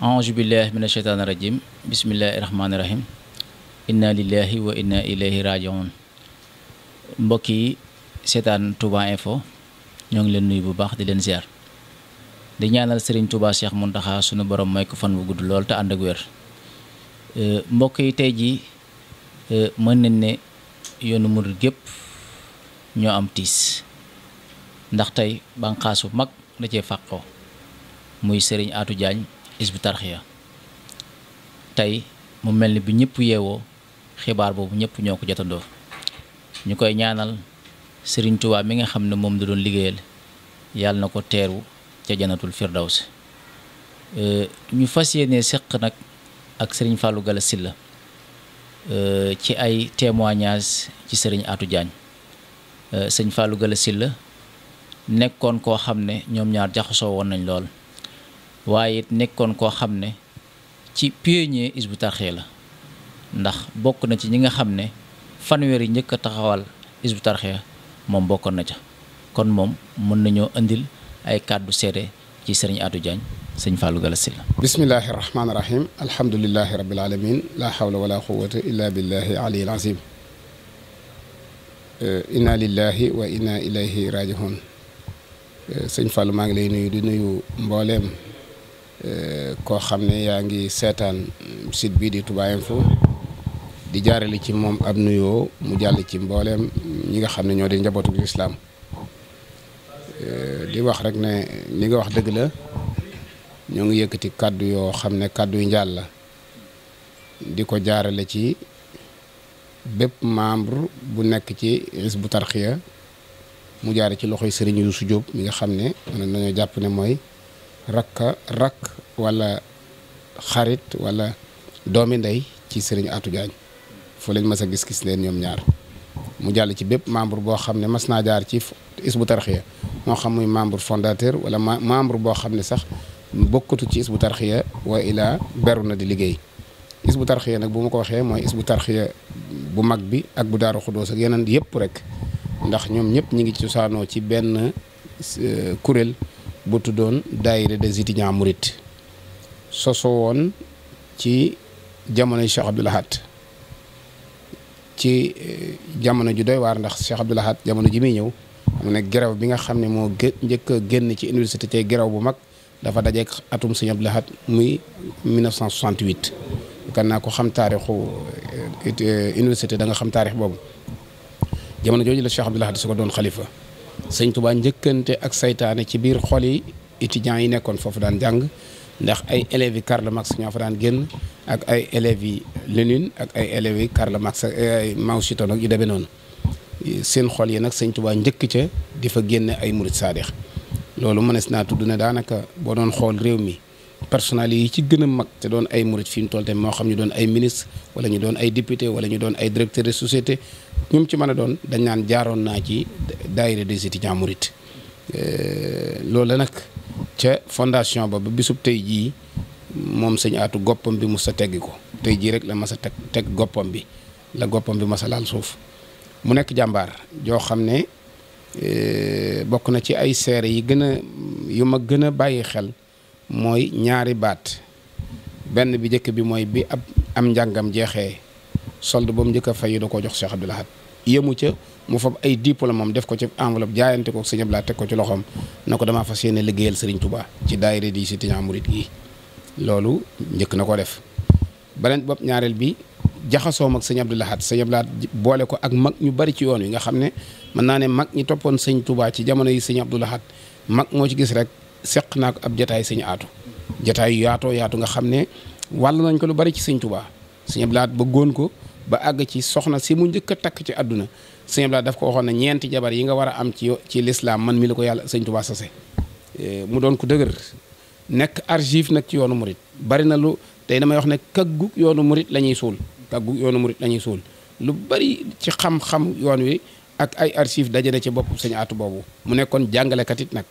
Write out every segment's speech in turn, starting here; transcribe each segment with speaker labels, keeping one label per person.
Speaker 1: aouzu billahi min asheytaani rajim bismillahi rahmaani rahim inna lillahi wa inna ilayhi rajiun mbokk yi seetaan Touba Info ñoo ngi leen nuyu bu baax di leen ziar di ñaanal Serigne Touba Cheikh Mountakha sunu borom may ko fan bu gudd lool te ànd ak wér euh, mbokk yi tey jii euh, mën nañ ne yoonu murid gépp ñoo am tiis ndax tey banqaas bu mag da cee fàqoo muy Serigne Atou jaañ isbu tarxiya tey mu mel ni bi ñëpp yeewoo xibaar boobu ñëpp ñoo ko jotandoo ñu koy ñaanal Sëriñ Tuubaa mi nga xam ne moom la doon liggéeyal yàlla na ko teeru ca janatul firdaws euh, ñu fas yéene sëq nag ak Sëriñ Fallou Gala Sylla euh, ci ay témoignages ci Sëriñ Atou Diagne euh, sëñ Fallou Gala Sylla nekkoon koo xam ne ñoom ñaar jaxasoo woon nañ lool waaye it nekkoon koo xam ne ci pionnier Hizbut Tarqiyyah la ndax bokk na ci ñi nga xam ne fanweer yi njëkk taxawal Hizbut Tarqiyyah moom bokkoon na ca kon moom mën nañoo indil ay kàddu seede ci sëriñ Atou Diagne sëñ Fallou Galass la bismillahi rahmaani rahim alhamdulillahi rabbil alamin la hawla wala quwwata illa
Speaker 2: billahi aliyil azim eh, inna lillahi wa inna ilayhi rajiun eh, sëñ Fallou maa ngi lay nuyu di nuyu mbooleem Eh, koo xam ne yaa ngi seetaan sit bii di Touba Info di jaarale ci moom ab nuyoo mu jàll ci mbooleem ñi nga xam ne ñoo di njabootu lislaam eh, di wax rek ne ni nga wax dëgg la ñoo ngi yëkkati kàddu yoo xam ne kàddu yu njaal la di ko jaarale ci bépp membre bu nekk ci bu Tarqiyyah mu jaare ci loxoy Serigne Youssou Diop mi nga xam ne mën nañoo jàpp ne mooy. rakka rakk walla xarit wala doomi ndey ci sëriñ Atou Diagne fu lañ mas a gis-gis leen ñoom ñaar mu jàll ci bépp membre boo xam ne mas naa jaar ci Hizbut Tarqiyyah moo xam muy membre fondateur wala membre boo xam ne sax bokkatu ci Hizbut Tarqiyyah wa ilaa beru na di liggéey Hizbut Tarqiyyah nag bu ma ko waxee mooy Hizbut Tarqiyyah bu mag bi ak bu Daaru Xudoos sax yeneen yëpp rek ndax ñoom ñëpp ñu ngi cosaanoo ci benn kuréel bu tuddoon daayira des étudiants murit soso woon ci jamono Cheikh Abdoul Ahad ci eh, jamono ju doy waar ndax Cheikh Abdoul Ahad jamono ji muy ñëw mu ne grève bi nga xam ne moo gë njëkk génn ci université te grève bu mag dafa dajeek atum Sëñ Abdoul Ahad muy 1968 kan naa ko xam taarixu eh, eh, université da nga xam taarix boobu jamono jooju la Cheikh Abdoul Ahad su ko doon xalifa sëñ Tuubaa njëkkante ak saytaane ci biir xol yi étudiants yi nekkoon foofu daan jàng ndax ay élèves yi Karl Marx ñoo fa daan génn ak ay élèves yi Lénine ak ay élèves yi Karl Marx ay Mao Zedong ak yu demee noonu seen xol yi nag sëñ Tuubaa njëkk ca di fa génne ay murit saadix loolu mënees naa tudd na daanaka boo doon xool réew mi personnalités yi ci gën a mag te doon ay murit fi mu toll te moo xam ñu doon ay ministre wala ñu doon ay député wala ñu doon ay directeur de société ñu ci mën a doon dañ naan jaaroon naa ci daayira des étudiants mourides euh, loolu la nag ca fondation ba ba bisub tey jii moom sëñ aatu goppam bi mos a teggi ko tey jii rek la mas a teg teg goppam bi la goppam bi mas a laal suuf mu nekk jàmbaar joo xam ne euh, bokk na ci ay seere yi gën a yu ma gën a bàyyi xel mooy ñaari baat benn bi njëkk bi mooy bi ab am njàngam jeexee solde boobu mu njëkk a fay da koo jox Cheikh Abdoul Ahad yemu ca mu fab ay diplôme am def ko ci enveloppe jaayante ko sëñ Abdoul teg ko ci loxoom na ko damaa fas yéene liggéeyal Serigne Touba ci daayira di si Tiñaa Murit loolu njëkk na ko def beneen bopp ñaareel bi jaxasoom ak sëñ Abdoul Ahad sëñ Abdoul boole ko ak mag ñu bari ci yoon wi nga xam ne mën naa ne mag ñi toppoon sëñ ci jamono yi sëñ Abdoul Ahad mag moo ci gis rek seq naa ko ab jataay sëñ aatu jataay yu yaatoo yaatu nga xam ne wàll nañ ko lu bari ci sëñ Touba sëñ Abdoul Ahad ko ba àgg ci soxna si mu njëkk a takk ci àdduna sëñ Abdoulaye daf ko waxoon ne ñeenti jabar yi nga war am ci ci lislaam man mi la ko yàlla sëñ Tuubaa sase e, mu doon ko dëgër nekk archive nag ci yoonu murit bari na lu tey damay yox ne kaggug yoonu murit la ñuy suul kaggug yoonu murit la ñuy suul lu bari ci xam-xam yoon wi ak ay archive daje na ci bopp sëñ aatu boobu mu nekkoon jàngalekat it nag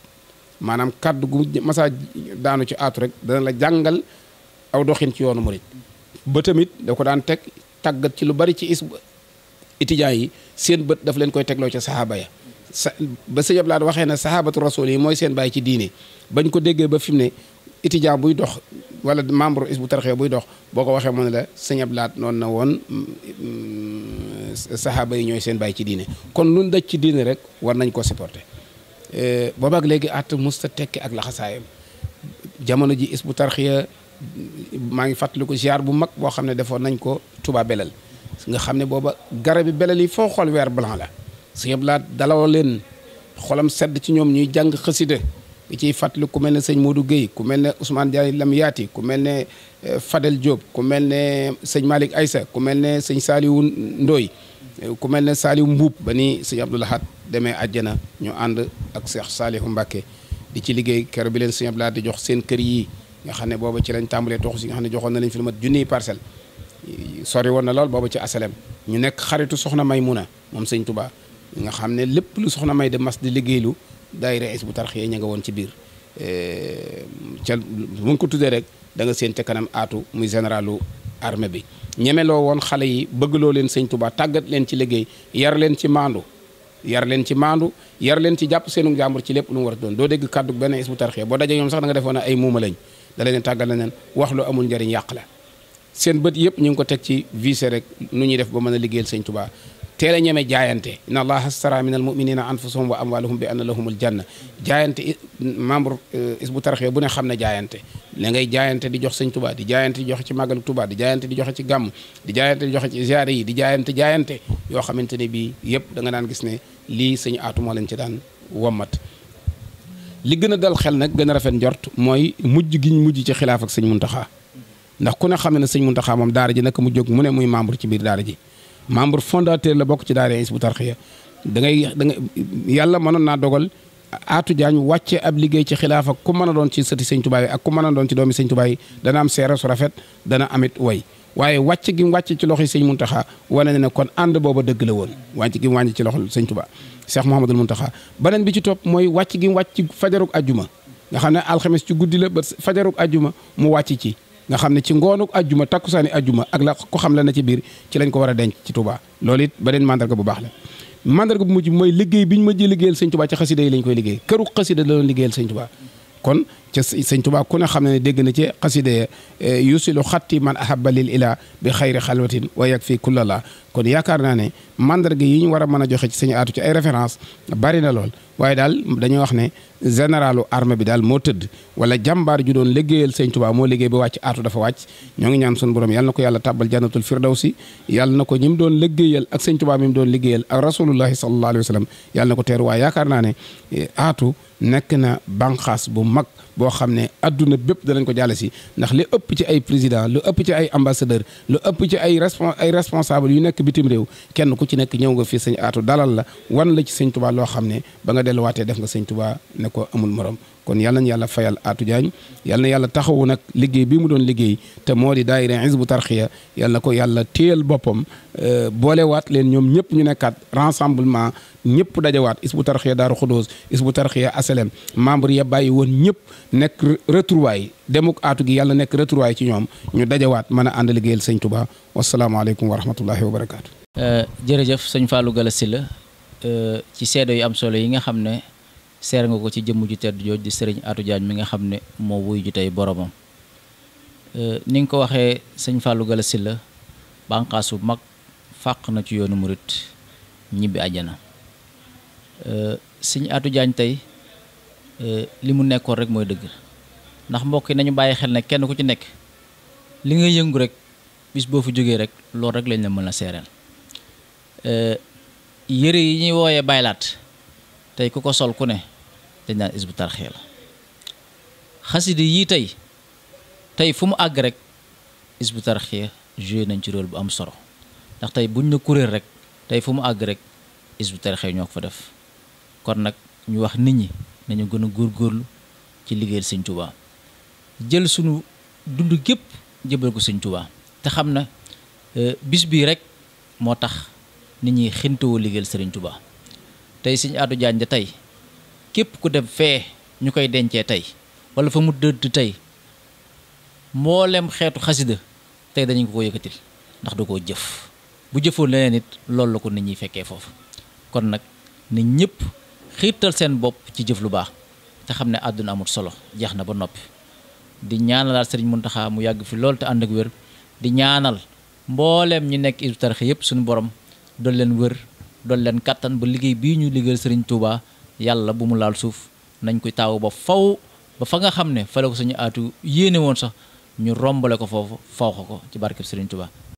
Speaker 2: maanaam kàddu gu masa daanu ci aatu rek dana la jàngal aw doxin ci yoonu murit ba tamit da ko daan teg tàggat ci lu bari ci is itijaay yi seen bët daf leen koy tegloo ca sahaaba ya sa ba sëñ Abdoulaye waxee ne sahabatu rasul yi mooy seen bàyyi ci diine bañ ko déggee ba fi mu ne itijan buy dox wala membre is bu tarxee buy dox boo ko waxee mu ne la sëñ Abdoulaye noonu na woon mm, sahaaba yi ñooy seen bàyyi ci diine kon luñ daj ci diine rek war nañ ko supporter eh, boobaak léegi at musta tekki ak laxasaayam jamono ji is bu tarxiya maa ngi fàttaliku ziar bu mag boo xam ne defoon nañ ko Touba Belel nga xam ne booba garabi Belel yi foo xool weer blanc la sëñ Abdou Lahad dalawoo leen xolam sedd ci ñoom ñuy jàng xasida di ku mel ne sëñ Modou Guèye ku mel ne Ousmane Diagne Lam Yaati ku mel ne eh, Fadel Diop ku mel ne sëñ Malick Aïssa ku mel ne sëñ Saliou Ndoy eh, ku mel ne Saliou Mbuub ba ni sëñ Abdou Lahad demee àjjana ñu ànd ak Cheikh Saliou Mbacké di ci liggéey kër bi leen sëñ Abdou Lahad di jox seen kër yi nga xam ne booba ci lañ tàmbalee toxu si nga xam ne joxoon na lañ fi lu junniy parcelle sori woon na lool boobu ci asalem ñu nekk xaritu soxna may muna moom sëñ tubaa nga xam ne lépp lu soxna may de mas di liggéeylu daayira Hizbut Tarqiyyah ña nga woon ci biir eh, ca bu ko tuddee rek da nga seen ca kanam aatu muy généralu armée bi ñemeloo woon xale yi bëggloo leen sëñ tubaa tàggat leen ci liggéey yar leen ci maandu yar leen ci maandu yar leen ci jàpp seenu jàmbur ci lépp lu mu war a doon doo dégg kàddu benn Hizbut defoon ay muuma lañ da leen tàggal leen wax lu amul njëriñ yàq la seen bët yëpp ñu ngi ko teg ci vice rek nu ñuy def ba mën a liggéeyal sañ tubaa teel a ñeme jaayante inna allaha astara min al muminina anfusahum wa amwalahum bi anna lahumul janna jaayante membre euh, isbu tarxee bu ne xam ne jaayante la ngay jaayante di jox sañ Tuubaa di jaayante di joxe ci màggalu tubaa di jaayante di joxe ci gàmm di jaayante di joxe ci ziyaare yi di jaayante jaayante yoo xamante ne bii yëpp da nga daan gis ne lii sëñ aatu moo leen daan wommat li gën a dal xel nag gën a rafet njort mooy mujj giñ mujj ci xilaaf ak sëñ Muntaxaa ndax ku ne xam ne sëñ Muntaxa moom daara ji naka mu jóg mu ne muy membre ci biir daara ji membre fondateur la bokk ci daara Hizbut Tarqiyyah da ngay da ngay yàlla mënoon naa dogal Atou Diagne wàcce ab liggéey ci xilaafa ak ku mën a doon ci sëti sëñ Tuubaa yi ak ku mën a doon ci doomi sëñ Tuubaa yi dana am seere su rafet dana amit way waaye wàcc gi mu wàcc ci loxo sëñ Muntaxa wane na ne kon ànd booba dëgg la woon wàcc mu wàññi ci loxo sëñ Tuubaa Cheikh Mouhamadul Muntaxa beneen bi ci topp mooy wàcc gi mu wàcc fajarug ajjuma nga xam ne alxames ci guddi la ba fajarug ajjuma mu wàcc ci nga xam ne ci ngoonu ajjuma takkusaani ajjuma ak la ko xam la na ci biir ci lañ ko war a denc ci Touba loolu it beneen mandarga bu baax la mandarga bu mujj mooy liggéey bi ñu mujjee liggéeyal sëñ Touba ci xasida yi lañ koy liggéey këru xasida la doon liggéeyal sëñ Touba kon ca sëñ Tuubaa ku ne xam ne dégg na ci xaside eh, yusilu xatti man ahabba lil ilaa bi xayri xalwatin wa yakfi kulla la kon yaakaar naa ne mandarga yi ñu war a mën a joxe ci sëñ aatu ci ay référence bari na lool waaye daal dañoo wax ne généralu armée bi daal moo tëdd wala jàmbaar ju doon liggéeyal sëñ Tuubaa moo liggéey ba wàcc aatu dafa wàcc ñoo ngi ñaan sun borom yal na ko yàlla tàbbal jannatul firdawsi yal na ko ñi mu doon liggéeyal ak sëñ Tuubaa mi mu doon liggéeyal ak rasulullahi sallallahu alayhi wa sallam yal na ko teeru waaye yaakaar naa ne eh, aatu nekk na banqaas bu mag boo xam ne adduna bépp danañ ko jàll si ndax li ëpp ci ay président lu ëpp ci ay ambassadeur lu ëpp ci ay respon ay responsable yu nekk bitim réew kenn ku ci nekk ñëw nga fii sëñ aatu dalal la wan la ci sëñ tubaa loo xam ne ba nga delluwaatee def nga sëñ tubaa ne ko amul morom kon yal nañ yàlla fayal Atou Diagne yal na yàlla taxawu nag liggéey bi mu doon liggéey te moo di daayira Hizbut Tarqiyyah yal na ko yàlla téyal boppam euh, boolewaat leen ñoom ñëpp ñu nekkaat rassemblement ñëpp dajawaat Hizbut Tarqiyyah Daaru Xudoos Hizbut Tarqiyyah Asalem membre ya bàyyi woon ñëpp nekk retrouvaille demuk aatu gi yàlla nekk retrouvaille ci ñoom ñu dajawaat mën a ànd liggéeyal sëñ Tuubaa wasalaamaaleykum wa rahmatullahi wa
Speaker 1: barakaatu. Euh, jërëjëf sëñ Fallou Galass Syll euh, ci seede yu am solo yi nga xam ne. seer nga ko ci jëmm ju tedd jooj di sëriñ atu Diagne mi nga xam ne moo wuy ju tey boroomam euh, ni nga ko waxee sëñ Fallou Gallassi la bànqaas bu mag fàq na ci yoonu murit ñibbi àjjana euh, sëñ atu Diagne tey euh, li mu nekkoon rek mooy dëgg ndax mbokki nañu bàyyi xel ne kenn ku ci nekk li nga yëngu rek bis boo fi jógee rek loolu rek lañ la mën a seereel yëre yi ñuy wooyee baylaat tey ku ko sol ku ne dañ naan isbu tarxiya la xasida yii tey tey fu mu àgg rek isbu tarxiya joué nañ ci rôle bu am solo ndax tey buñ na kuréel rek tey fu mu àgg rek isbu tarxiya ñoo ko fa def kon nag ñu wax nit ñi nañu gën a góorlu ci liggéeyal sëñ Tuubaa jël sunu dund gépp jëbal ko sëñ Tuubaa te xam na euh, bis bii rek moo tax nit ñi xintawoo liggéeyal sëriñ tubaa tey sëñ Aadu Jaañ ja tey képp ku dem fee ñu koy dencee tey wala fa mu dëdd tey mboolem xeetu xasida tey dañu ko ko yëkkatil ndax du koo jëf bu jëfoon leneen nit loolu la ko nit ñi fekkee foofu kon nag nit ñëpp xiirtal seen bopp ci jëf lu baax te xam ne àdduna amul solo jeex na ba noppi di ñaanalaat sëriñ Muntaxa mu yàgg fi lool te ànd ak wér di ñaanal mbooleem ñi nekk Hizbut Tarqiyyah yëpp suñu borom doon leen wér doon leen kàttan ba liggéey bii ñu liggéeyal Serigne Touba yàlla bu mu laal suuf nañ koy taawu ba faw ba fa nga xam ne fale ko suñu aatu yéene woon sax ñu rombale ko foofu faw ko ci barkeb Serigne Touba